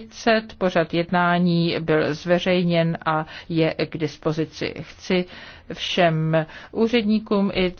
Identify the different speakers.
Speaker 1: 30. Pořad jednání byl zveřejněn a je k dispozici. Chci všem úředníkům i